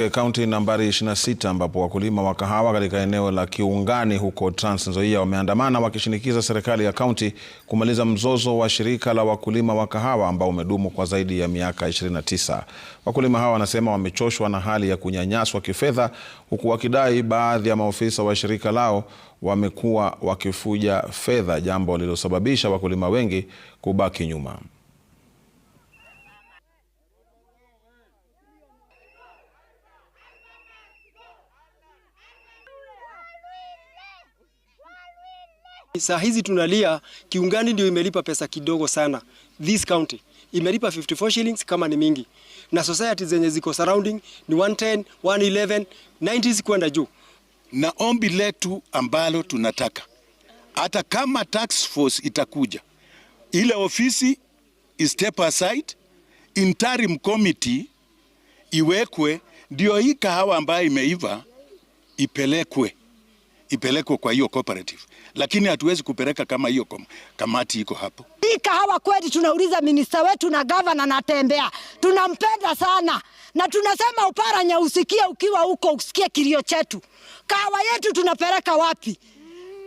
Eh, kaunti nambari 26 ambapo wakulima wa kahawa katika eneo la Kiungani huko Trans Nzoia wameandamana wakishinikiza serikali ya kaunti kumaliza mzozo wa shirika la wakulima wa kahawa ambao umedumu kwa zaidi ya miaka 29. Wakulima hawa wanasema wamechoshwa na hali ya kunyanyaswa kifedha huku wakidai baadhi ya maofisa wa shirika lao wamekuwa wakifuja fedha, jambo lililosababisha wakulima wengi kubaki nyuma. Saa hizi tunalia Kiungani ndio imelipa pesa kidogo sana. This county imelipa 54 shillings kama ni mingi, na society zenye ziko surrounding ni 110, 111, 90 kwenda juu. Na ombi letu ambalo tunataka hata kama tax force itakuja, ile ofisi step aside, interim committee iwekwe, ndio hii kahawa ambayo imeiva ipelekwe ipelekwe kwa hiyo cooperative, lakini hatuwezi kupeleka kama hiyo kamati iko hapo. Hii kahawa kweli, tunauliza minista wetu na gavana, natembea, tunampenda sana na tunasema uparanya usikie ukiwa huko, usikie kilio chetu. Kahawa yetu tunapeleka wapi?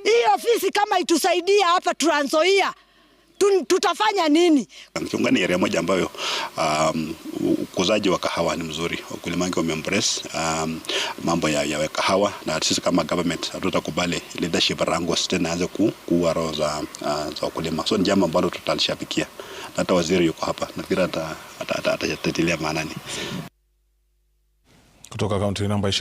Hii ofisi kama itusaidia hapa Trans Nzoia tutafanya nini? Kiungani area moja ambayo um, ukuzaji wa kahawa ni mzuri, wakulima wengi wameembrace um, mambo ya, ya kahawa, na sisi kama government hatutakubali leadership rangos tena aanze kuua roho uh, za wakulima. So ni jambo ambalo tutalishabikia, na hata waziri yuko hapa, nafikiri atatatilia maanani. Kutoka kaunti namba